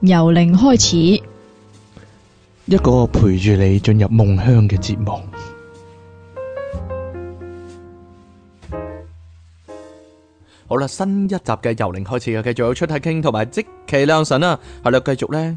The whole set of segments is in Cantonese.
由零開始，一個陪住你進入夢鄉嘅節目。 好啦，新一集嘅由零開始啊，繼續出下傾，同埋積其良神啊，係啦，繼續咧。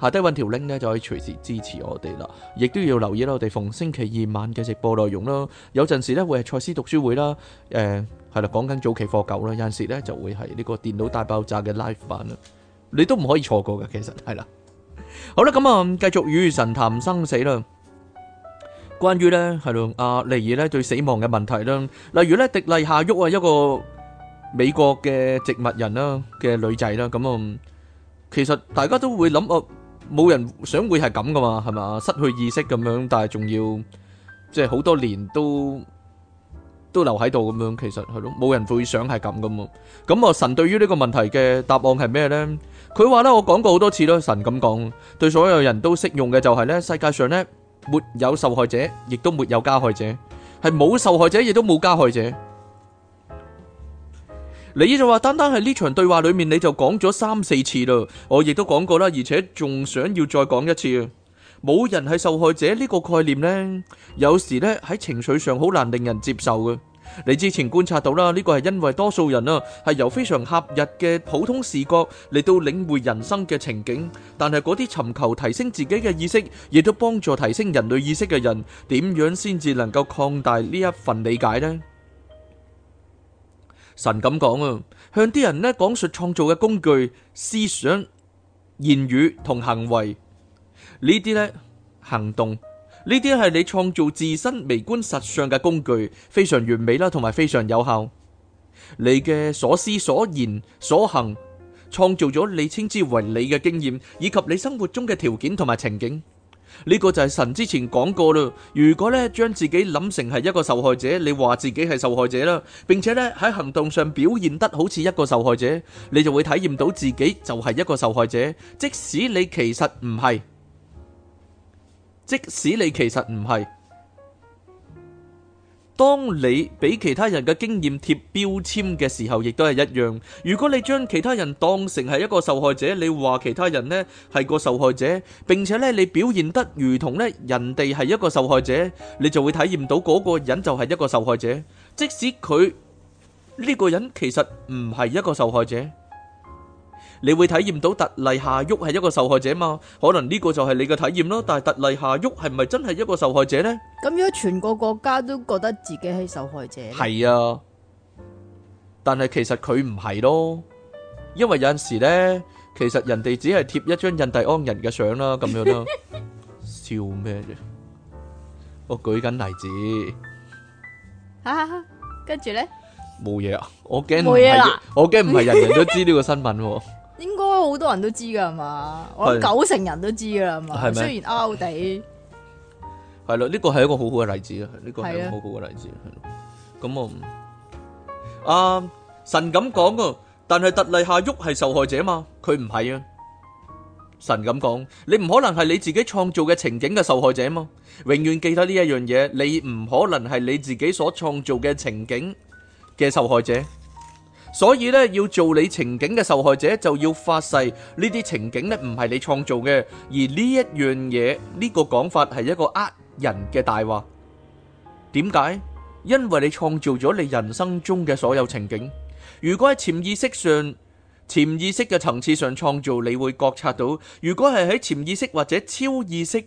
下低揾條 link 咧就可以隨時支持我哋啦，亦都要留意啦，我哋逢星期二晚嘅直播內容啦。有陣時咧會係賽斯讀書會啦，誒係啦，講緊早期課九啦，有陣時咧就會係呢個電腦大爆炸嘅 live 版啦，你都唔可以錯過嘅。其實係啦，好啦咁啊，繼續與神談生死啦。關於咧係啦，阿尼爾咧對死亡嘅問題啦，例如咧迪麗夏沃啊，一個美國嘅植物人啦嘅女仔啦，咁啊其實大家都會諗啊。冇人想會係咁噶嘛，係咪啊？失去意識咁樣，但係仲要即係好多年都都留喺度咁樣，其實係咯，冇人會想係咁噶嘛。咁啊，神對於呢個問題嘅答案係咩呢？佢話咧，我講過好多次咯，神咁講，對所有人都適用嘅就係呢：世界上呢，沒有受害者，亦都沒有加害者，係冇受害者，亦都冇加害者。你就話單單係呢場對話裏面，你就講咗三四次啦。我亦都講過啦，而且仲想要再講一次啊！冇人係受害者呢個概念呢，有時咧，喺情緒上好難令人接受嘅。你之前觀察到啦，呢個係因為多數人啊，係由非常狹日嘅普通視角嚟到領會人生嘅情景，但係嗰啲尋求提升自己嘅意識，亦都幫助提升人類意識嘅人，點樣先至能夠擴大呢一份理解呢？神咁講啊，向啲人咧講述創造嘅工具、思想、言語同行為呢啲咧行動，呢啲係你創造自身微觀實相嘅工具，非常完美啦，同埋非常有效。你嘅所思所言所行，創造咗你稱之為你嘅經驗，以及你生活中嘅條件同埋情景。呢個就係神之前講過啦。如果咧將自己諗成係一個受害者，你話自己係受害者啦，並且咧喺行動上表現得好似一個受害者，你就會體驗到自己就係一個受害者，即使你其實唔係，即使你其實唔係。當你俾其他人嘅經驗貼標籤嘅時候，亦都係一樣。如果你將其他人當成係一個受害者，你話其他人呢係個受害者，並且呢你表現得如同呢人哋係一個受害者，你就會體驗到嗰個人就係一個受害者。即使佢呢、這個人其實唔係一個受害者，你會體驗到特例夏旭係一個受害者嘛？可能呢個就係你嘅體驗咯。但係特例夏旭係唔係真係一個受害者呢？咁如果全個國家都覺得自己係受害者，係啊，但係其實佢唔係咯，因為有陣時咧，其實人哋只係貼一張印第安人嘅相啦，咁樣咯，笑咩啫？我舉緊例子，吓，跟住咧，冇嘢啊，我驚唔係，我驚唔係人人都知呢個新聞，應該好多人都知噶係嘛，我九成人都知噶啦嘛，雖然拗地。係啦，呢個係一個好好嘅例子啦，呢個係一個好好嘅例子。咁啊，阿神咁講噶，但係特例下喐係受害者嘛，佢唔係啊。神咁講，你唔可能係你自己創造嘅情景嘅受害者嘛。永遠記得呢一樣嘢，你唔可能係你自己所創造嘅情景嘅受害者。所以咧，要做你情景嘅受害者，就要發誓呢啲情景咧唔係你創造嘅。而呢一樣嘢，呢個講法係一個呃人嘅大話。點解？因為你創造咗你人生中嘅所有情景。如果喺潛意識上，潛意識嘅層次上創造，你會覺察到。如果係喺潛意識或者超意識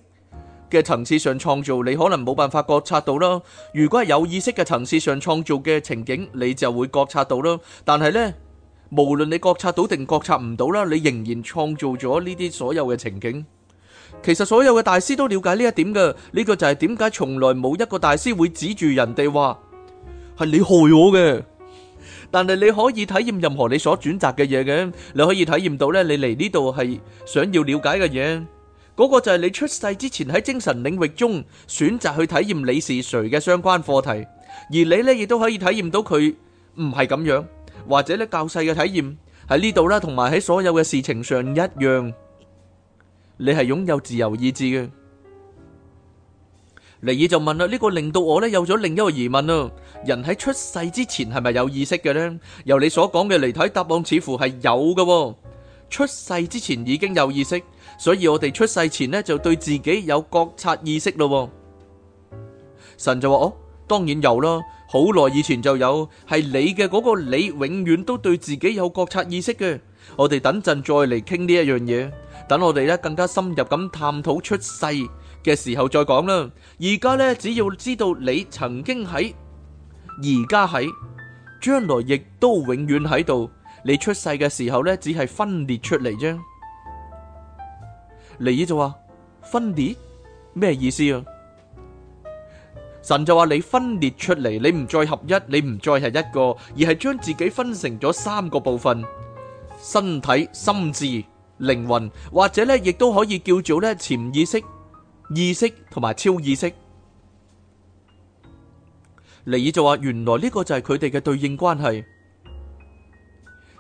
嘅層次上創造，你可能冇辦法覺察到啦。如果係有意識嘅層次上創造嘅情景，你就會覺察到啦。但係呢，無論你覺察到定覺察唔到啦，你仍然創造咗呢啲所有嘅情景。其實所有嘅大師都了解呢一點嘅，呢個就係點解從來冇一個大師會指住人哋話係你害我嘅。但係你可以體驗任何你所選擇嘅嘢嘅，你可以體驗到呢，你嚟呢度係想要了解嘅嘢。嗰個就係你出世之前喺精神領域中選擇去體驗你是誰嘅相關課題，而你呢亦都可以體驗到佢唔係咁樣，或者呢較細嘅體驗喺呢度啦，同埋喺所有嘅事情上一樣，你係擁有自由意志嘅。尼爾就問啦，呢個令到我呢有咗另一個疑問啦，人喺出世之前係咪有意識嘅呢？由你所講嘅嚟睇，答案似乎係有嘅喎，出世之前已經有意識。所以我哋出世前呢，就對自己有覺察意識咯，神就話哦，當然有啦，好耐以前就有，係你嘅嗰個你永遠都對自己有覺察意識嘅。我哋等陣再嚟傾呢一樣嘢，等我哋咧更加深入咁探討出世嘅時候再講啦。而家呢，只要知道你曾經喺，而家喺，將來亦都永遠喺度。你出世嘅時候呢，只係分裂出嚟啫。尼爾就話，分裂？咩意思啊？神就話，你分裂出嚟，你唔再合一，你唔再係一個，而係將自己分成咗三個部分：身體、心智、靈魂，或者咧亦都可以叫做咧潛意識、意識同埋超意識。尼爾就話，原來呢個就係佢哋嘅對應關係。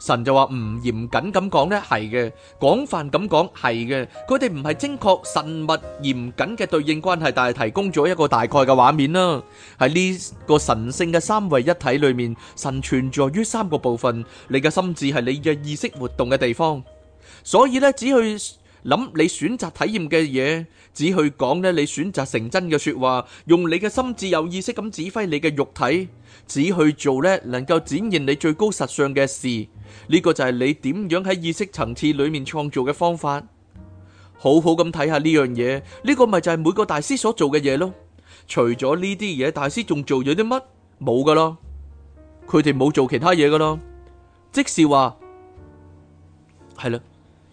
神就話唔嚴謹咁講呢，係嘅，廣泛咁講係嘅，佢哋唔係精確、慎密、嚴謹嘅對應關係，但係提供咗一個大概嘅畫面啦。喺呢個神聖嘅三位一體裏面，神存在於三個部分，你嘅心智係你嘅意識活動嘅地方，所以呢，只去。諗你選擇體驗嘅嘢，只去講咧你選擇成真嘅說話，用你嘅心智有意識咁指揮你嘅肉體，只去做咧能夠展現你最高實相嘅事，呢個就係你點樣喺意識層次裏面創造嘅方法。好好咁睇下呢樣嘢，呢個咪就係每個大師所做嘅嘢咯。除咗呢啲嘢，大師仲做咗啲乜？冇噶咯，佢哋冇做其他嘢噶咯。即是話，係啦。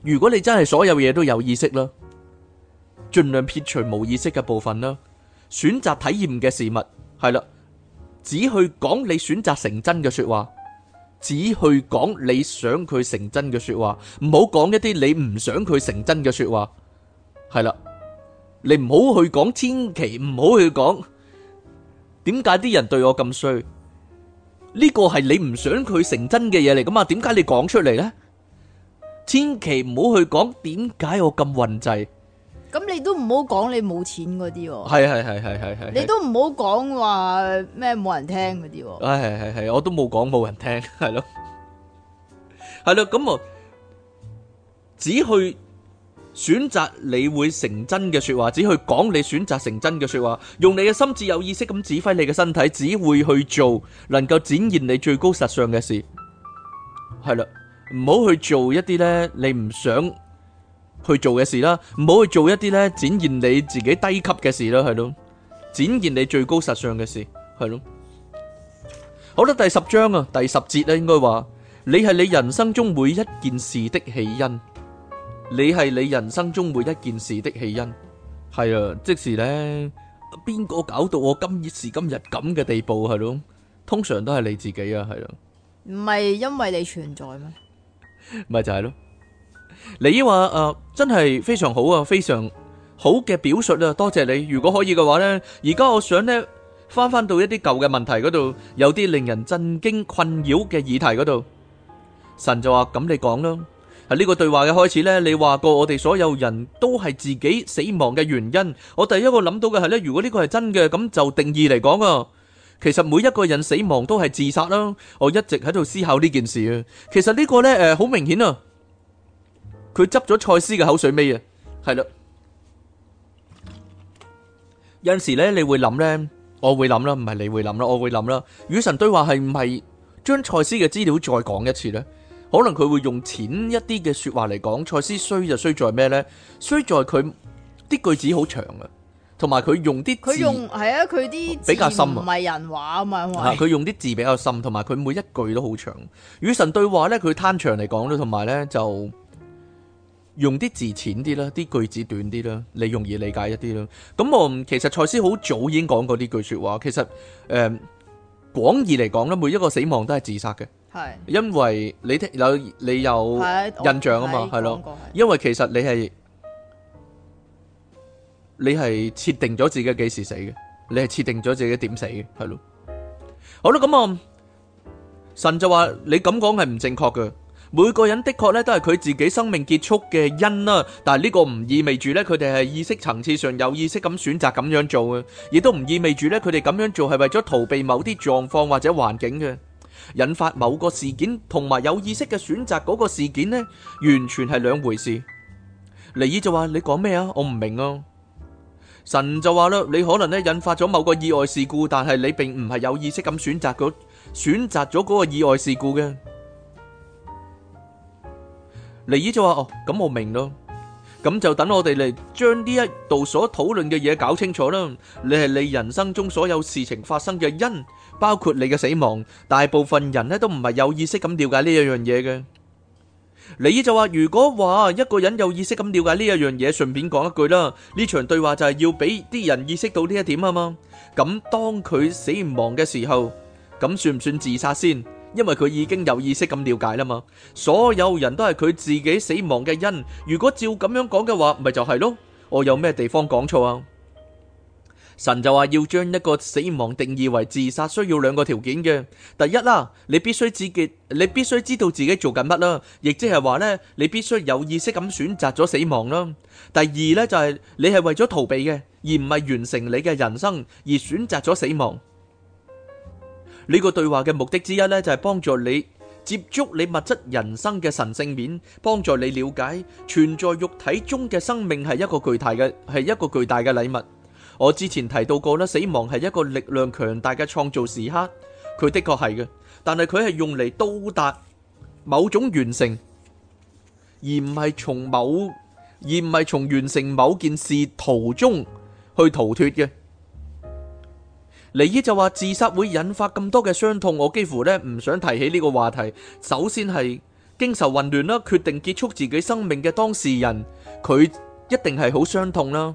如果你真係所有嘢都有意識啦，盡量撇除冇意識嘅部分啦，選擇體驗嘅事物係啦，只去講你選擇成真嘅說話，只去講你想佢成真嘅說話，唔好講一啲你唔想佢成真嘅說話。係啦，你唔好去講，千祈唔好去講。點解啲人對我咁衰？呢個係你唔想佢成真嘅嘢嚟噶嘛？點解你講出嚟呢？千祈唔好去講，點解我咁混滯，咁你都唔好講你冇錢嗰啲喎，係係係係係，你都唔好講話咩冇人聽嗰啲喎，係係係，我都冇講冇人聽，係咯，係咯，咁我只去選擇你會成真嘅說話，只去講你選擇成真嘅說話，用你嘅心智有意識咁指揮你嘅身體，只會去做能夠展現你最高實相嘅事，係啦。唔好去做一啲呢你唔想去做嘅事啦，唔好去做一啲呢展現你自己低級嘅事啦，係咯，展現你最高實相嘅事，係咯。好啦，第十章啊，第十節咧，應該話你係你人生中每一件事的起因，你係你人生中每一件事的起因，係啊，即時呢邊個搞到我今時今日咁嘅地步，係咯，通常都係你自己啊，係咯，唔係因為你存在咩？咪就係咯，你話誒，真係非常好啊，非常好嘅表述啊，多謝你。如果可以嘅話咧，而家我想咧翻翻到一啲舊嘅問題嗰度，有啲令人震驚困擾嘅議題嗰度，神就話咁你講啦。喺呢個對話嘅開始咧，你話過我哋所有人都係自己死亡嘅原因，我第一個諗到嘅係咧，如果呢個係真嘅，咁就定義嚟講啊。其實每一個人死亡都係自殺啦、啊，我一直喺度思考呢件事啊。其實呢個呢，誒、呃，好明顯啊。佢執咗蔡司嘅口水尾啊，係啦。有陣時咧，你會諗呢，我會諗啦，唔係你會諗啦，我會諗啦。與神對話係唔係將蔡司嘅資料再講一次呢？可能佢會用淺一啲嘅說話嚟講。蔡司衰就衰在咩呢？衰在佢啲句子好長啊。同埋佢用啲，佢用係啊，佢啲比較深，唔係人話啊嘛，佢、 啊、用啲字比較深，同埋佢每一句都好長。與神對話咧，佢攤長嚟講咯，同埋咧就用啲字淺啲啦，啲句子短啲啦，你容易理解一啲咯。咁我其實賽斯好早已經講過呢句說話。其實誒，廣、呃、義嚟講咧，每一個死亡都係自殺嘅，係的因為你有你有，你有的印象啊嘛，係咯，因為其實你係。你係設定咗自己幾時死嘅？你係設定咗自己點死嘅？係咯，好啦，咁啊，神就話你咁講係唔正確嘅。每個人的確咧都係佢自己生命結束嘅因啦，但係呢個唔意味住咧佢哋係意識層次上有意識咁選擇咁樣做嘅，亦都唔意味住咧佢哋咁樣做係為咗逃避某啲狀況或者環境嘅，引發某個事件同埋有意識嘅選擇嗰個事件咧，完全係兩回事。尼爾就話你講咩啊？我唔明啊！神就話啦，你可能咧引發咗某個意外事故，但係你並唔係有意識咁選擇嗰選擇咗嗰個意外事故嘅。尼爾就話哦，咁我明咯，咁就等我哋嚟將呢一度所討論嘅嘢搞清楚啦。你係你人生中所有事情發生嘅因，包括你嘅死亡。大部分人咧都唔係有意識咁了解呢樣樣嘢嘅。你就話，如果話一個人有意識咁了解呢一樣嘢，順便講一句啦，呢場對話就係要俾啲人意識到呢一點啊嘛。咁當佢死唔亡嘅時候，咁算唔算自殺先？因為佢已經有意識咁了解啦嘛。所有人都係佢自己死亡嘅因。如果照咁樣講嘅話，咪就係咯。我有咩地方講錯啊？神就話要將一個死亡定義為自殺，需要兩個條件嘅。第一啦，你必須自己，你必須知道自己做緊乜啦，亦即係話咧，你必須有意識咁選擇咗死亡啦。第二咧就係、是、你係為咗逃避嘅，而唔係完成你嘅人生而選擇咗死亡。呢、這個對話嘅目的之一咧就係幫助你接觸你物質人生嘅神性面，幫助你了解存在肉體中嘅生命係一個巨大嘅係一個巨大嘅禮物。我之前提到過啦，死亡係一個力量強大嘅創造時刻，佢的確係嘅，但係佢係用嚟到達某種完成，而唔係從某而唔係從完成某件事途中去逃脫嘅。尼依就話自殺會引發咁多嘅傷痛，我幾乎咧唔想提起呢個話題。首先係經受混亂啦，決定結束自己生命嘅當事人，佢一定係好傷痛啦。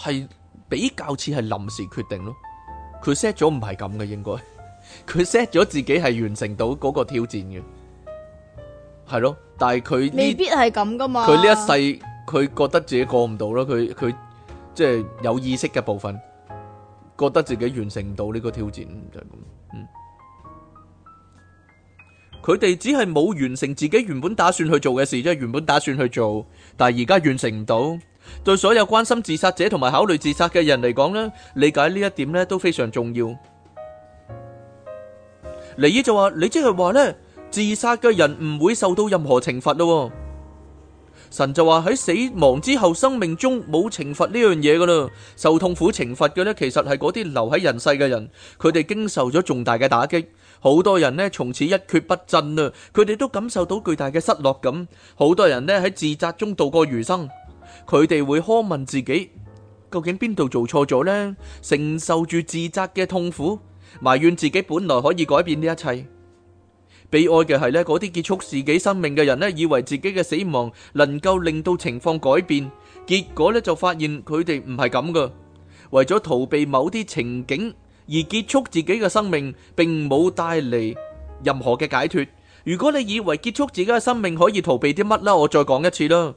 係比較似係臨時決定咯，佢 set 咗唔係咁嘅應該，佢 set 咗自己係完成到嗰個挑戰嘅，係咯，但係佢未必係咁噶嘛，佢呢一世佢覺得自己過唔到咯，佢佢即係有意識嘅部分，覺得自己完成唔到呢個挑戰就係咁，嗯，佢哋只係冇完成自己原本打算去做嘅事，即係原本打算去做，但係而家完成唔到。對所有關心自殺者同埋考慮自殺嘅人嚟講咧，理解呢一點咧都非常重要。尼爾就話：你即係話咧，自殺嘅人唔會受到任何懲罰咯。神就話喺死亡之後，生命中冇懲罰呢樣嘢噶啦，受痛苦懲罰嘅咧，其實係嗰啲留喺人世嘅人，佢哋經受咗重大嘅打擊，好多人咧從此一蹶不振啦，佢哋都感受到巨大嘅失落感，好多人咧喺自責中度過餘生。佢哋會苛問自己，究竟邊度做錯咗呢？承受住自責嘅痛苦，埋怨自己本來可以改變呢一切。悲哀嘅係呢，嗰啲結束自己生命嘅人呢，以為自己嘅死亡能夠令到情況改變，結果呢就發現佢哋唔係咁噶。為咗逃避某啲情景而結束自己嘅生命，並冇帶嚟任何嘅解脫。如果你以為結束自己嘅生命可以逃避啲乜啦，我再講一次啦。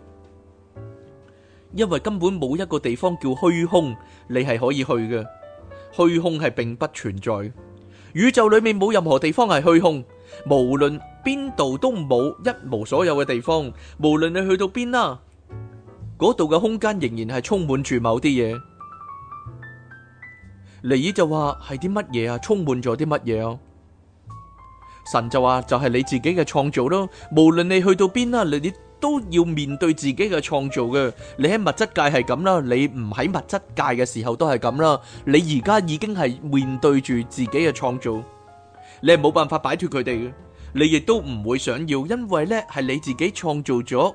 因為根本冇一個地方叫虛空，你係可以去嘅。虛空係並不存在，宇宙裏面冇任何地方係虛空，無論邊度都冇一無所有嘅地方。無論你去到邊啦，嗰度嘅空間仍然係充滿住某啲嘢。尼爾就話係啲乜嘢啊？充滿咗啲乜嘢？神就話就係你自己嘅創造咯。無論你去到邊啦，你啲。都要面對自己嘅創造嘅。你喺物質界係咁啦，你唔喺物質界嘅時候都係咁啦。你而家已經係面對住自己嘅創造，你係冇辦法擺脫佢哋嘅。你亦都唔會想要，因為呢係你自己創造咗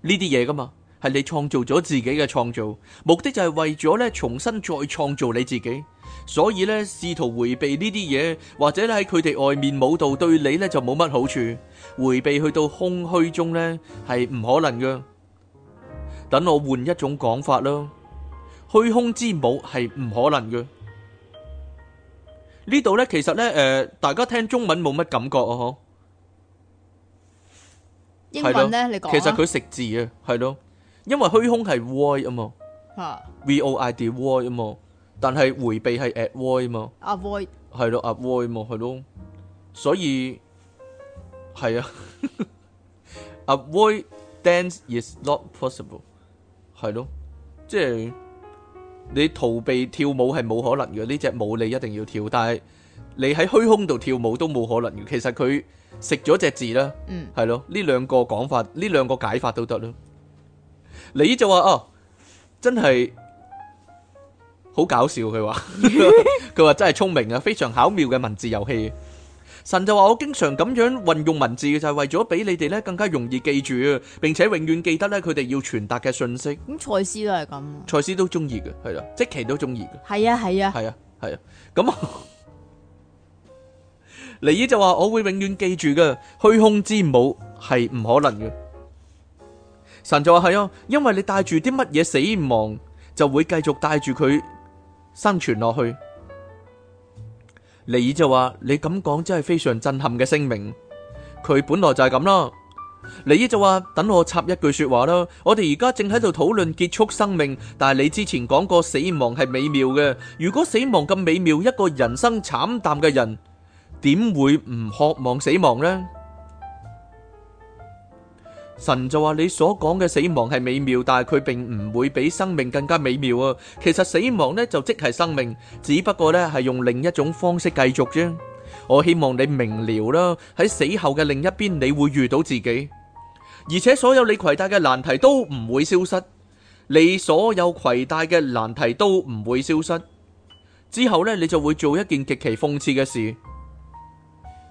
呢啲嘢噶嘛，係你創造咗自己嘅創造，目的就係為咗呢重新再創造你自己。所以呢，試圖回避呢啲嘢，或者咧喺佢哋外面舞蹈，對你呢，就冇乜好處。迴避去到空虛中咧，係唔可能噶。等我換一種講法咯。虛空之母係唔可能噶。呢度咧，其實咧，誒，大家聽中文冇乜感覺啊！嗬。英文咧，你講。其實佢食字啊，係咯。因為虛空係 void 啊嘛。啊。V-O-I-D void 啊嘛。但係迴避係 avoid 啊嘛。Avoid。係咯，avoid 啊嘛，係咯。所以。係啊，Avoid dance is not possible，係咯，即係、就是、你逃避跳舞係冇可能嘅，呢、這、隻、個、舞你一定要跳，但係你喺虛空度跳舞都冇可能。其實佢食咗隻字啦，嗯，係咯，呢兩個講法，呢兩個解法都得咯。你就話哦，真係好搞笑，佢話佢話真係聰明呀，非常巧妙嘅文字遊戲。神就話：我經常咁樣運用文字嘅，就係為咗俾你哋咧更加容易記住，並且永遠記得咧佢哋要傳達嘅信息。咁蔡司都係咁，蔡司都中意嘅，係啦，即其都中意嘅。係啊係啊，係啊係啊，咁尼爾就話：我會永遠記住嘅，虛空之母係唔可能嘅。神就話：係啊，因為你帶住啲乜嘢，死亡，就會繼續帶住佢生存落去。李姨就話，你咁講真係非常震撼嘅聲明，佢本來就係咁啦。尼爾就話，等我插一句說話啦，我哋而家正喺度討論結束生命，但係你之前講過死亡係美妙嘅，如果死亡咁美妙，一個人生慘淡嘅人點會唔渴望死亡呢？」神就話你所講嘅死亡係美妙，但係佢並唔會比生命更加美妙啊！其實死亡呢，就即係生命，只不過呢，係用另一種方式繼續啫。我希望你明了啦，喺死後嘅另一邊你會遇到自己，而且所有你攜帶嘅難題都唔會消失，你所有攜帶嘅難題都唔會消失。之後呢，你就會做一件極其諷刺嘅事。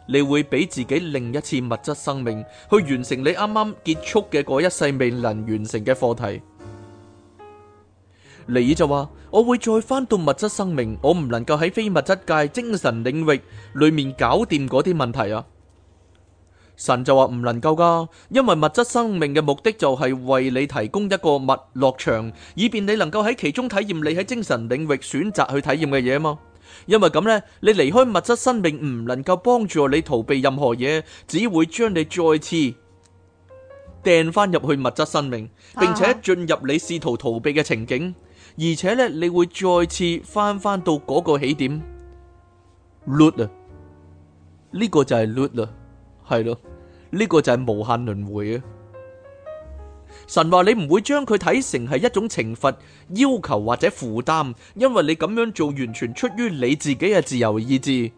你會俾自己另一次物質生命去完成你啱啱結束嘅嗰一世未能完成嘅課題。尼就話我會再翻到物質生命，我唔能夠喺非物質界精神領域裏面搞掂嗰啲問題啊！神就話唔能夠噶，因為物質生命嘅目的就係為你提供一個物落場，以便你能夠喺其中體驗你喺精神領域選擇去體驗嘅嘢啊嘛。因為咁呢，你離開物質生命唔能夠幫助你逃避任何嘢，只會將你再次掟翻入去物質生命，並且進入你試圖逃避嘅情景，而且呢，你會再次翻翻到嗰個起點。l o t 啊，呢、這個就係 l o t 啊，係咯，呢、這個就係無限輪迴啊。神話你唔會將佢睇成係一種懲罰、要求或者負擔，因為你咁樣做完全出於你自己嘅自由意志，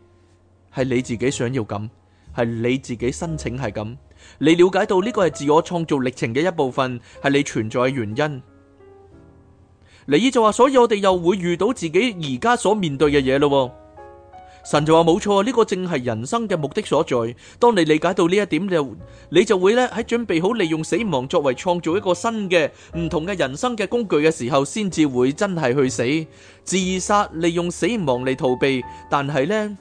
係你自己想要咁，係你自己申請係咁，你了解到呢個係自我創造歷程嘅一部分，係你存在嘅原因。尼爾就話，所以我哋又會遇到自己而家所面對嘅嘢咯。神就話冇錯，呢個正係人生嘅目的所在。當你理解到呢一點，你就會咧，喺準備好利用死亡作為創造一個新嘅唔同嘅人生嘅工具嘅時候，先至會真係去死。自殺利用死亡嚟逃避，但係咧，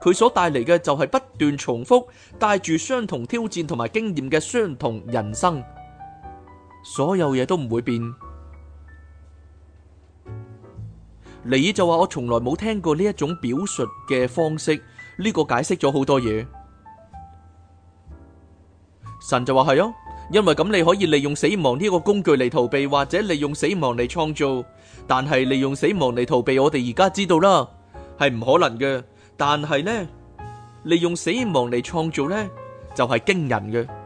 佢所帶嚟嘅就係不斷重複，帶住相同挑戰同埋經驗嘅相同人生，所有嘢都唔會變。尼爾就話：我從來冇聽過呢一種表述嘅方式，呢個解釋咗好多嘢。神就話係咯，因為咁你可以利用死亡呢一個工具嚟逃避，或者利用死亡嚟創造。但係利用死亡嚟逃避，我哋而家知道啦，係唔可能嘅。但係咧，利用死亡嚟創造咧，就係驚人嘅。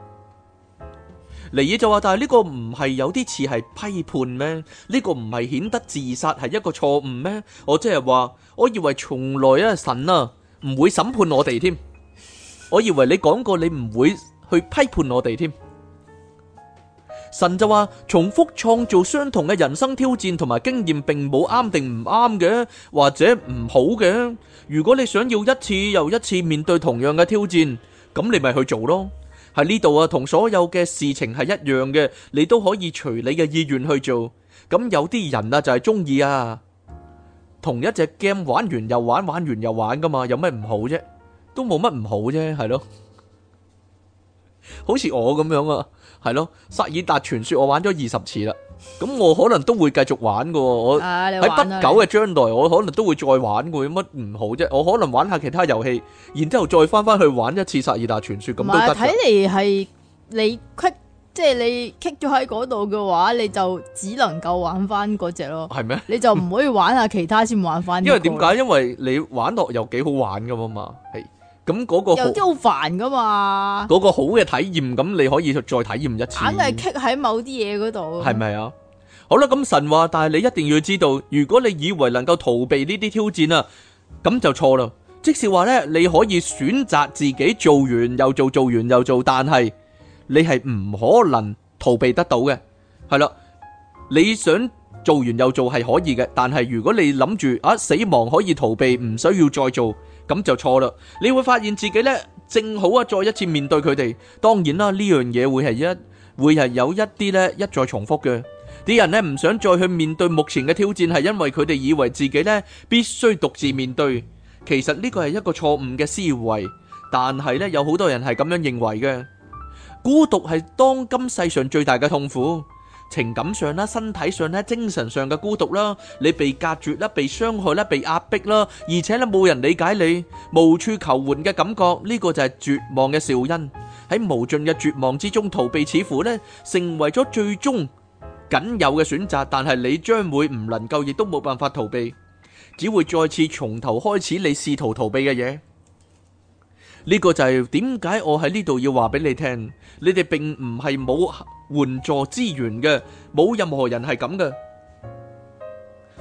尼爾就話，但係呢個唔係有啲似係批判咩？呢個唔係顯得自殺係一個錯誤咩？我即係話，我以為從來啊神啊唔會審判我哋添、啊。我以為你講過你唔會去批判我哋添、啊。神就話，重複創造相同嘅人生挑戰同埋經驗，並冇啱定唔啱嘅，或者唔好嘅。如果你想要一次又一次面對同樣嘅挑戰，咁你咪去做咯。喺呢度啊，同所有嘅事情係一樣嘅，你都可以隨你嘅意願去做。咁有啲人啊就係中意啊，同一隻 game 玩完又玩，玩完又玩噶嘛，有咩唔好啫？都冇乜唔好啫，係咯？好似我咁樣啊，係咯？《薩爾達傳說》我玩咗二十次啦。咁我可能都會繼續玩嘅，啊、玩我喺不久嘅將來，你我可能都會再玩過，有乜唔好啫？我可能玩下其他遊戲，然之後再翻翻去玩一次《薩爾達傳說》是，咁都得。睇嚟，係你 cut，即係你 kick 咗喺嗰度嘅話，你就只能夠玩翻嗰隻咯，係咩嗎？你就唔可以玩下其他先玩翻、那個。 因為點解？因為你玩落又幾好玩噶嘛，係。咁嗰個好煩噶嘛？嗰個好嘅體驗，咁你可以再體驗一次。梗係棘喺某啲嘢嗰度，係咪啊？好啦，咁神話，但係你一定要知道，如果你以為能夠逃避呢啲挑戰啊，咁就錯啦。即是話呢，你可以選擇自己做完又做，做完又做，但係你係唔可能逃避得到嘅，係啦。你想做完又做係可以嘅，但係如果你諗住啊死亡可以逃避，唔需要再做。咁就錯啦！你會發現自己呢，正好啊，再一次面對佢哋。當然啦，呢樣嘢會係一會係有一啲呢，一再重複嘅。啲人呢，唔想再去面對目前嘅挑戰，係因為佢哋以為自己呢，必須獨自面對。其實呢個係一個錯誤嘅思維，但係呢，有好多人係咁樣認為嘅。孤獨係當今世上最大嘅痛苦。情感上啦，身體上啦，精神上嘅孤獨啦，你被隔絕啦、被傷害啦、被壓迫啦，而且咧冇人理解你，無處求援嘅感覺，呢個就係絕望嘅肇因。喺無盡嘅絕望之中，逃避似乎呢，成為咗最終僅有嘅選擇，但係你將會唔能夠，亦都冇辦法逃避，只會再次從頭開始你試圖逃避嘅嘢。呢個就係點解我喺呢度要話俾你聽，你哋並唔係冇援助資源嘅，冇任何人係咁嘅。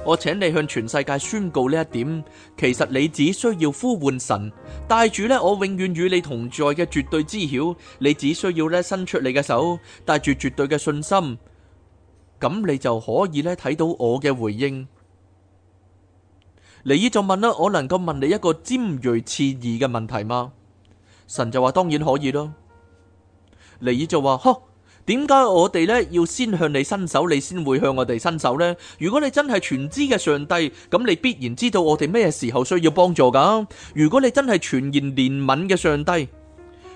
我請你向全世界宣告呢一點。其實你只需要呼喚神，帶住呢，我永遠與你同在嘅絕對知曉。你只需要呢，伸出你嘅手，帶住絕對嘅信心，咁你就可以呢，睇到我嘅回應。尼爾就問啦，我能夠問你一個尖銳刺耳嘅問題嗎？神就話當然可以咯，尼爾就話：「呵，點解我哋咧要先向你伸手，你先會向我哋伸手呢？如果你真係全知嘅上帝，咁你必然知道我哋咩時候需要幫助噶。如果你真係全然憐憫嘅上帝，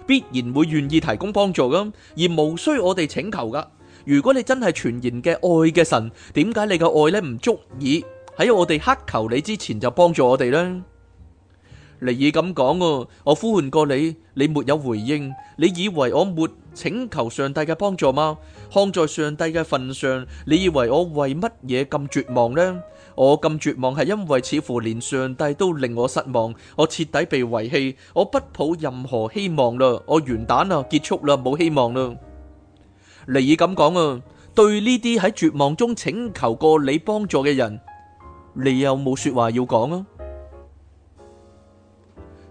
必然會願意提供幫助噶，而無需我哋請求噶。如果你真係全然嘅愛嘅神，點解你嘅愛咧唔足以喺我哋乞求你之前就幫助我哋呢？」尼爾咁講啊，我呼喚過你，你沒有回應。你以為我沒請求上帝嘅幫助嗎？看在上帝嘅份上，你以為我為乜嘢咁絕望呢？我咁絕望係因為似乎連上帝都令我失望，我徹底被遺棄，我不抱任何希望啦，我完蛋啦，結束啦，冇希望啦。尼爾咁講啊，對呢啲喺絕望中請求過你幫助嘅人，你有冇說話要講啊？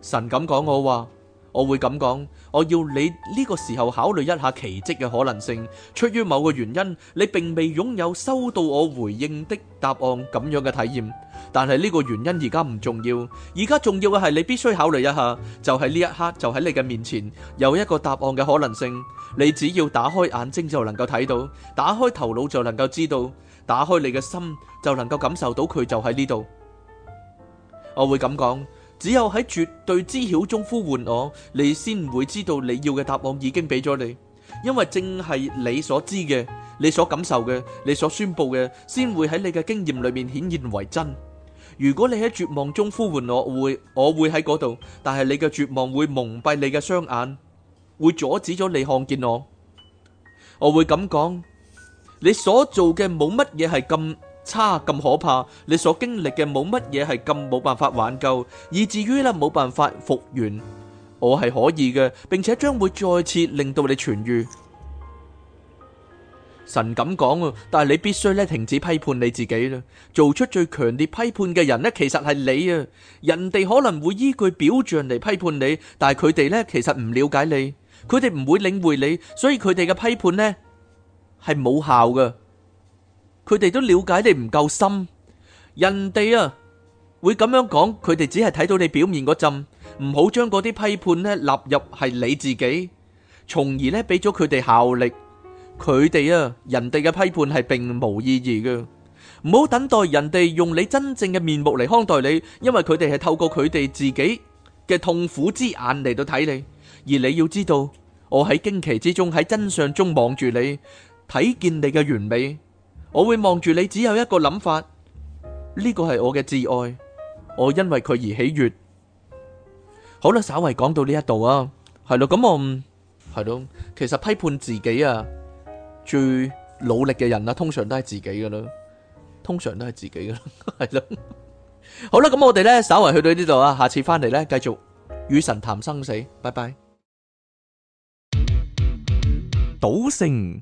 神咁講我話，我會咁講，我要你呢個時候考慮一下奇蹟嘅可能性。出於某個原因，你並未擁有收到我回應的答案咁樣嘅體驗。但係呢個原因而家唔重要，而家重要嘅係你必須考慮一下，就喺呢一刻，就喺你嘅面前有一個答案嘅可能性。你只要打開眼睛就能夠睇到，打開頭腦就能夠知道，打開你嘅心就能夠感受到，佢就喺呢度。我會咁講。只有喺絕對知曉中呼喚我，你先會知道你要嘅答案已經俾咗你。因為正係你所知嘅，你所感受嘅，你所宣布嘅，先會喺你嘅經驗裏面顯現為真。如果你喺絕望中呼喚我，會我會喺嗰度，但係你嘅絕望會蒙蔽你嘅雙眼，會阻止咗你看見我。我會咁講，你所做嘅冇乜嘢係咁差咁可怕，你所經歷嘅冇乜嘢係咁，冇辦法挽救，以至於咧冇辦法復原。我係可以嘅，並且將會再次令到你痊愈。神咁講啊，但係你必須咧停止批判你自己啦。做出最強烈批判嘅人咧，其實係你啊。人哋可能會依據表象嚟批判你，但係佢哋咧其實唔了解你，佢哋唔會領會你，所以佢哋嘅批判呢係冇效㗎。佢哋都了解你唔夠深，人哋啊會咁樣講，佢哋只係睇到你表面嗰陣，唔好將嗰啲批判呢納入係你自己，從而呢俾咗佢哋效力。佢哋啊，人哋嘅批判係並無意義嘅，唔好等待人哋用你真正嘅面目嚟看待你，因為佢哋係透過佢哋自己嘅痛苦之眼嚟到睇你。而你要知道，我喺驚奇之中喺真相中望住你，睇見你嘅完美。我會望住你，只有一個諗法，呢個係我嘅摯愛，我因為佢而喜悦。好啦，稍微講到呢一度啊，係咯，咁我係咯，其實批判自己啊，最努力嘅人啊，通常都係自己噶啦，通常都係自己噶啦，係咯。好啦，咁我哋咧，稍微去到呢度啊，下次翻嚟咧，繼續與神談生死，拜拜。賭聖。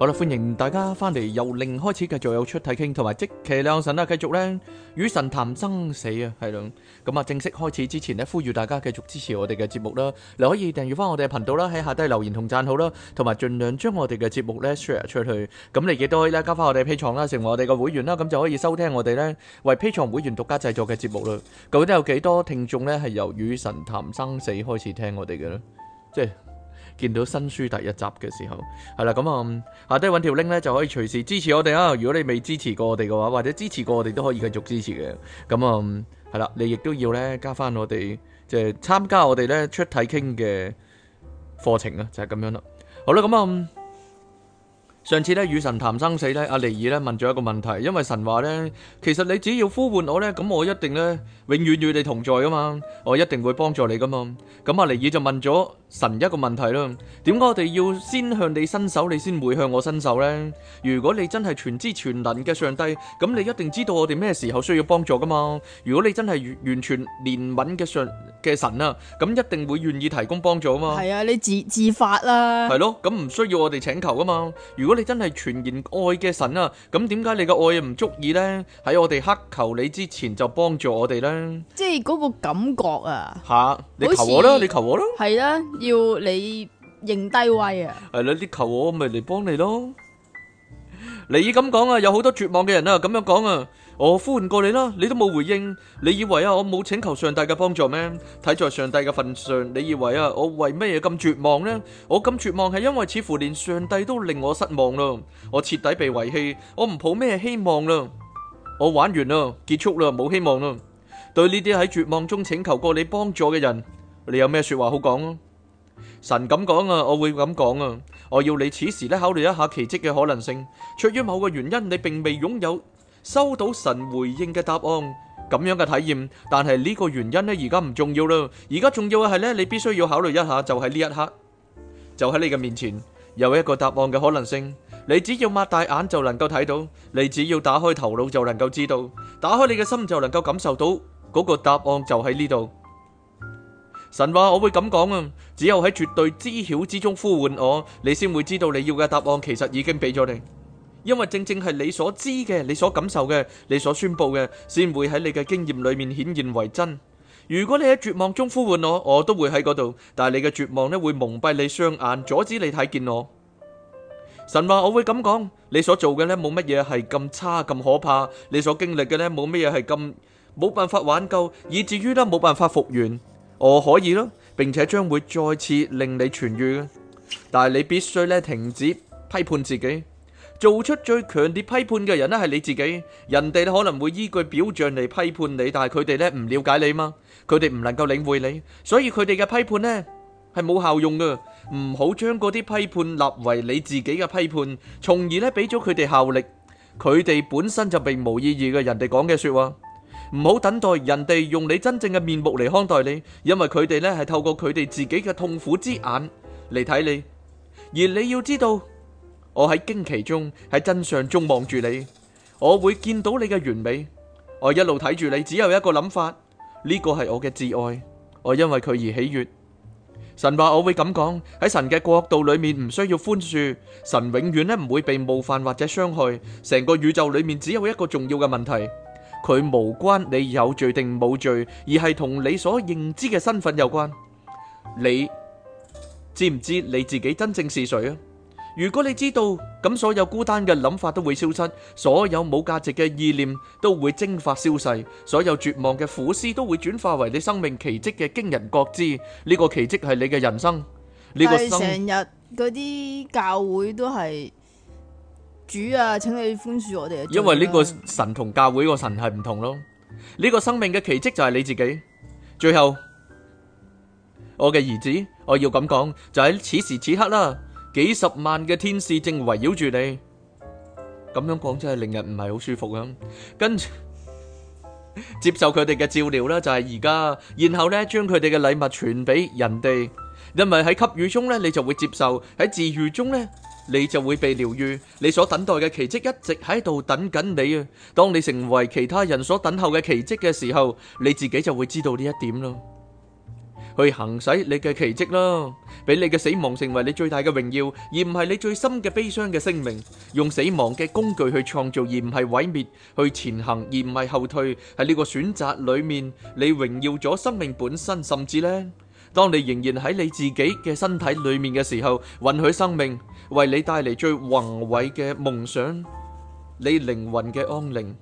好啦，歡迎大家翻嚟由零開始，繼續有出體傾，同埋即期兩神啊，繼續咧與神談生死啊，係咯。咁啊，正式開始之前咧，呼籲大家繼續支持我哋嘅節目啦。你可以訂閱翻我哋嘅頻道啦，喺下低留言同讚好啦，同埋盡量將我哋嘅節目咧 share 出去。咁你亦都可以咧交翻我哋 Patreon 啦，成為我哋嘅會員啦，咁就可以收聽我哋咧為 Patreon 會員獨家製作嘅節目啦。究竟有幾多聽眾咧係由與神談生死開始聽我哋嘅咧？即係。見到新書第一集嘅時候，係啦，咁、嗯、啊，下低揾條 link 咧就可以隨時支持我哋啊！如果你未支持過我哋嘅話，或者支持過我哋都可以繼續支持嘅。咁、嗯、啊，係啦，你亦都要咧加翻我哋，即係參加我哋咧出體傾嘅課程啊！就係、是、咁樣啦。好啦，咁、嗯、啊，上次咧與神談生死咧，阿尼爾咧問咗一個問題，因為神話咧，其實你只要呼喚我咧，咁我一定咧永遠與你同在噶嘛，我一定會幫助你噶嘛。咁阿尼爾就問咗。神一個問題咯，點解我哋要先向你伸手，你先會向我伸手呢？如果你真係全知全能嘅上帝，咁你一定知道我哋咩時候需要幫助噶嘛？如果你真係完完全憐憫嘅上嘅神啊，咁一定會願意提供幫助啊嘛？係啊，你自自發啦。係咯，咁唔需要我哋請求噶嘛？如果你真係全然愛嘅神啊，咁點解你嘅愛唔足以呢？喺我哋乞求你之前就幫助我哋呢？即係嗰個感覺啊！吓、啊，你求我啦，像你求我啦，係啊。要你認低威啊！係啦，你求我咪嚟幫你咯。你咁講啊，有好多絕望嘅人啊，咁樣講啊，我呼喚過你啦，你都冇回應。你以為啊，我冇請求上帝嘅幫助咩？睇在上帝嘅份上，你以為啊，我為咩咁絕望呢？我咁絕望係因為似乎連上帝都令我失望咯。我徹底被遺棄，我唔抱咩希望啦。我玩完啦，結束啦，冇希望啦。對呢啲喺絕望中請求過你幫助嘅人，你有咩說話好講啊？神咁講啊，我會咁講啊，我要你此時咧考慮一下奇蹟嘅可能性。出於某個原因，你並未擁有收到神回應嘅答案咁樣嘅體驗，但係呢個原因呢，而家唔重要啦。而家重要嘅係呢，你必須要考慮一下，就喺呢一刻，就喺你嘅面前有一個答案嘅可能性。你只要擘大眼就能夠睇到，你只要打開頭腦就能夠知道，打開你嘅心就能夠感受到嗰個答案就喺呢度。神話我會咁講啊！只有喺絕對知曉之中呼喚我，你先會知道你要嘅答案其實已經俾咗你。因為正正係你所知嘅，你所感受嘅，你所宣佈嘅，先會喺你嘅經驗裏面顯現為真。如果你喺絕望中呼喚我，我都會喺嗰度，但係你嘅絕望呢，會蒙蔽你雙眼，阻止你睇見我。神話我會咁講，你所做嘅呢冇乜嘢係咁差咁可怕，你所經歷嘅呢冇乜嘢係咁冇辦法挽救，以至於呢冇辦法復原。我、哦、可以咯，並且將會再次令你痊愈嘅。但係你必須咧停止批判自己。做出最強烈批判嘅人咧係你自己。人哋可能會依據表象嚟批判你，但係佢哋咧唔了解你嘛，佢哋唔能夠領會你，所以佢哋嘅批判咧係冇效用嘅。唔好將嗰啲批判立為你自己嘅批判，從而咧俾咗佢哋效力。佢哋本身就並冇意義嘅，人哋講嘅說話。唔好等待人哋用你真正嘅面目嚟看待你，因為佢哋咧係透過佢哋自己嘅痛苦之眼嚟睇你。而你要知道，我喺驚奇中，喺真相中望住你，我會見到你嘅完美。我一路睇住你，只有一個諗法：呢個係我嘅摯愛。我因為佢而喜悅。神話我會咁講，喺神嘅國度裏面唔需要寬恕，神永遠咧唔會被冒犯或者傷害。成個宇宙裏面只有一個重要嘅問題。佢無關你有罪定冇罪，而係同你所認知嘅身份有關。你知唔知你自己真正是誰啊？如果你知道，咁所有孤單嘅諗法都會消失，所有冇價值嘅意念都會蒸發消逝，所有絕望嘅苦思都會轉化為你生命奇跡嘅驚人覺知。呢個奇跡係你嘅人生，呢個成日嗰啲教會都係。主啊，請你寬恕我哋。因為呢個神同教會個神係唔同咯。呢個生命嘅奇蹟就係你自己。最後，我嘅兒子，我要咁講，就喺此時此刻啦。幾十萬嘅天使正圍繞住你。咁樣講真係令人唔係好舒服啊。跟接受佢哋嘅照料咧，就係而家。然後咧，將佢哋嘅禮物傳俾人哋。因為喺給予中咧，你就會接受；喺治愈中咧，你就會被療愈，你所等待嘅奇蹟一直喺度等緊你啊！當你成為其他人所等候嘅奇蹟嘅時候，你自己就會知道呢一點咯。去行使你嘅奇蹟咯，俾你嘅死亡成為你最大嘅榮耀，而唔係你最深嘅悲傷嘅聲明。用死亡嘅工具去創造，而唔係毀滅；去前行，而唔係後退。喺呢個選擇裏面，你榮耀咗生命本身，甚至呢。當你仍然喺你自己嘅身體裏面嘅時候，允許生命為你帶嚟最宏偉嘅夢想，你靈魂嘅安寧。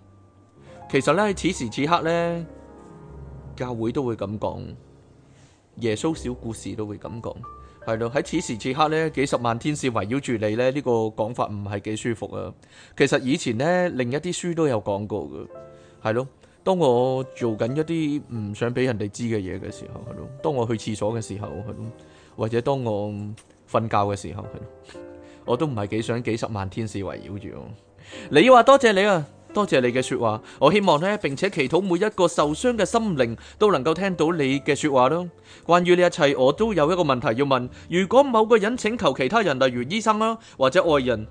其實呢，此時此刻呢，教會都會咁講，耶穌小故事都會咁講，係咯，喺此時此刻呢，幾十萬天使圍繞住你呢，呢個講法唔係幾舒服啊。其實以前呢，另一啲書都有講過㗎，係咯。當我做緊一啲唔想俾人哋知嘅嘢嘅時候，係咯；當我去廁所嘅時候，係咯；或者當我瞓覺嘅時候，我都唔係幾想幾十萬天使圍繞住。你話多謝你啊，多謝你嘅說話。我希望呢，並且祈禱每一個受傷嘅心靈都能夠聽到你嘅說話咯。關於呢一切，我都有一個問題要問：如果某個人請求其他人，例如醫生啦，或者愛人，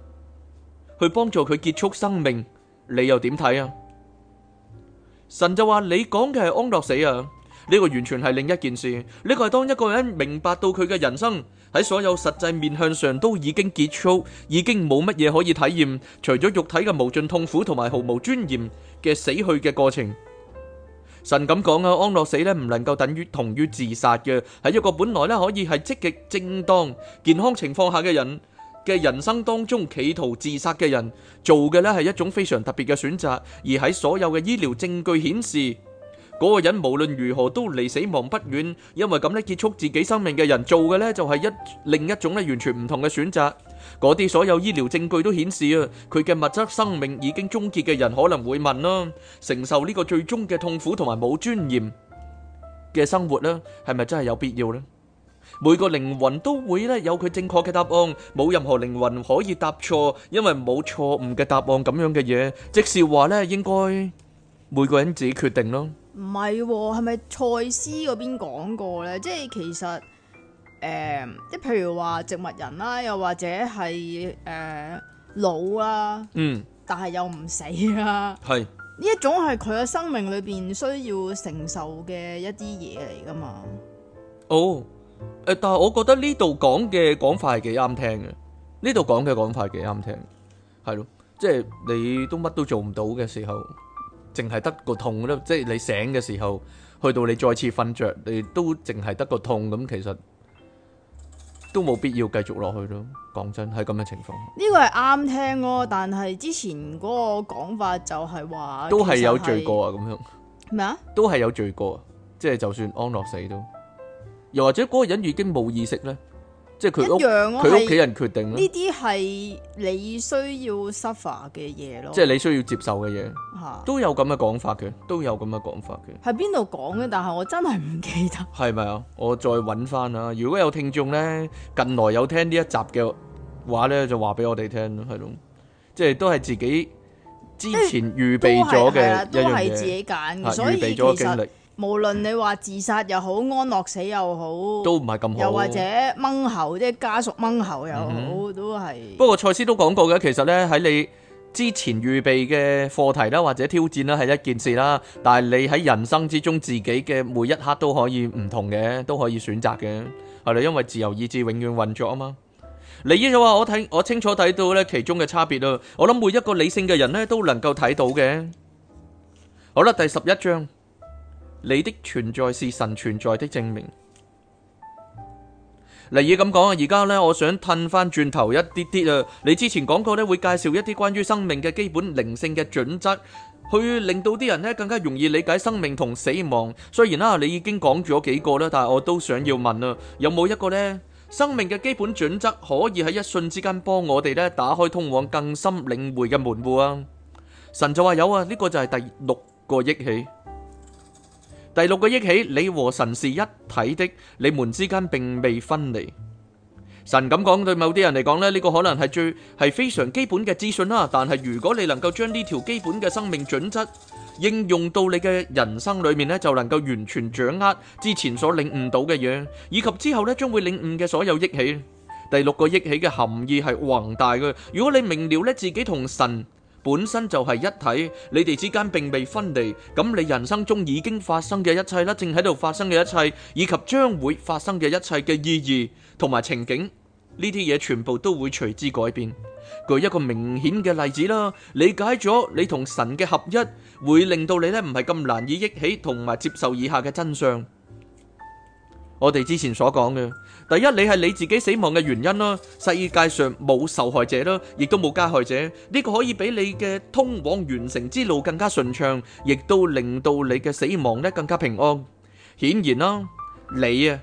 去幫助佢結束生命，你又點睇啊？神就話：你講嘅係安樂死啊，呢個完全係另一件事。呢個係當一個人明白到佢嘅人生喺所有實際面向上都已經結束，已經冇乜嘢可以體驗，除咗肉體嘅無盡痛苦同埋毫無尊嚴嘅死去嘅過程。神咁講啊，安樂死呢，唔能夠等於同於自殺嘅，喺一個本來咧可以係積極正當、健康情況下嘅人。嘅人生當中企圖自殺嘅人做嘅呢係一種非常特別嘅選擇，而喺所有嘅醫療證據顯示，嗰個人無論如何都離死亡不遠，因為咁呢，結束自己生命嘅人做嘅呢就係一另一種呢完全唔同嘅選擇。嗰啲所有醫療證據都顯示啊，佢嘅物質生命已經終結嘅人可能會問啦，承受呢個最終嘅痛苦同埋冇尊嚴嘅生活呢，係咪真係有必要呢？每個靈魂都會咧有佢正確嘅答案，冇任何靈魂可以答錯，因為冇錯誤嘅答案咁樣嘅嘢。即是話咧，應該每個人自己決定咯。唔係、哦，係咪賽斯嗰邊講過咧？即係其實誒、呃，即譬如話植物人啦，又或者係誒、呃、老啦、啊，嗯，但係又唔死啦、啊，係呢是一種係佢嘅生命裏邊需要承受嘅一啲嘢嚟㗎嘛？哦。Oh. 但係我覺得呢度講嘅講法係幾啱聽嘅，呢度講嘅講法係幾啱聽，係咯，即係你都乜都做唔到嘅時候，淨係得個痛咯，即係你醒嘅時候，去到你再次瞓着，你都淨係得個痛，咁其實都冇必要繼續落去咯。講真，係咁嘅情況。呢個係啱聽咯，但係之前嗰個講法就係話都係有罪過啊，咁樣咩啊？麼都係有罪過啊，即係就算安樂死都。又或者嗰個人已經冇意識咧，即係佢屋佢屋企人決定呢啲係你需要 suffer 嘅嘢咯，即係你需要接受嘅嘢、啊，都有咁嘅講法嘅，都有咁嘅講法嘅。喺邊度講嘅？但係我真係唔記得。係咪啊？我再搵翻啦。如果有聽眾咧，近來有聽呢一集嘅話咧，就話俾我哋聽咯，係咯，即係都係自己之前預備咗嘅、欸、都係自己揀嘅，預備咗經歷。無論你話自殺又好，安樂死又好，都唔係咁好，又或者掹喉，即係家屬掹喉又好，都係。不過蔡師都講過嘅，其實咧喺你之前預備嘅課題啦，或者挑戰啦，係一件事啦。但係你喺人生之中自己嘅每一刻都可以唔同嘅，都可以選擇嘅。係啦，因為自由意志永遠運作啊嘛。理應嘅話，我睇我清楚睇到咧其中嘅差別咯。我諗每一個理性嘅人咧，都能夠睇到嘅。好啦，第十一章。你的存在是神存在的證明。嗱，例如咁講啊，而家咧，我想褪翻轉頭一啲啲啊。你之前講過咧，會介紹一啲關於生命嘅基本靈性嘅準則，去令到啲人咧更加容易理解生命同死亡。雖然啦，你已經講咗幾個啦，但係我都想要問啊，有冇一個咧生命嘅基本準則可以喺一瞬之間幫我哋咧打開通往更深領會嘅門戶啊？神就話有啊，呢個就係第六個憶起。第六個憶起，你和神是一體的，你們之間並未分離。神咁講，對某啲人嚟講咧，呢個可能係最係非常基本嘅資訊啦。但係如果你能夠將呢條基本嘅生命準則應用到你嘅人生裏面咧，就能夠完全掌握之前所領悟到嘅嘢，以及之後咧將會領悟嘅所有憶起。第六個憶起嘅含義係宏大嘅。如果你明了咧，自己同神。本身就係一體，你哋之間並未分離。咁你人生中已經發生嘅一切啦，正喺度發生嘅一切，以及將會發生嘅一切嘅意義同埋情景，呢啲嘢全部都會隨之改變。舉一個明顯嘅例子啦，理解咗你同神嘅合一，會令到你咧唔係咁難以憶起同埋接受以下嘅真相。我哋之前所講嘅第一，你係你自己死亡嘅原因啦。世界上冇受害者啦，亦都冇加害者。呢個可以俾你嘅通往完成之路更加順暢，亦都令到你嘅死亡呢更加平安。顯然啦，你啊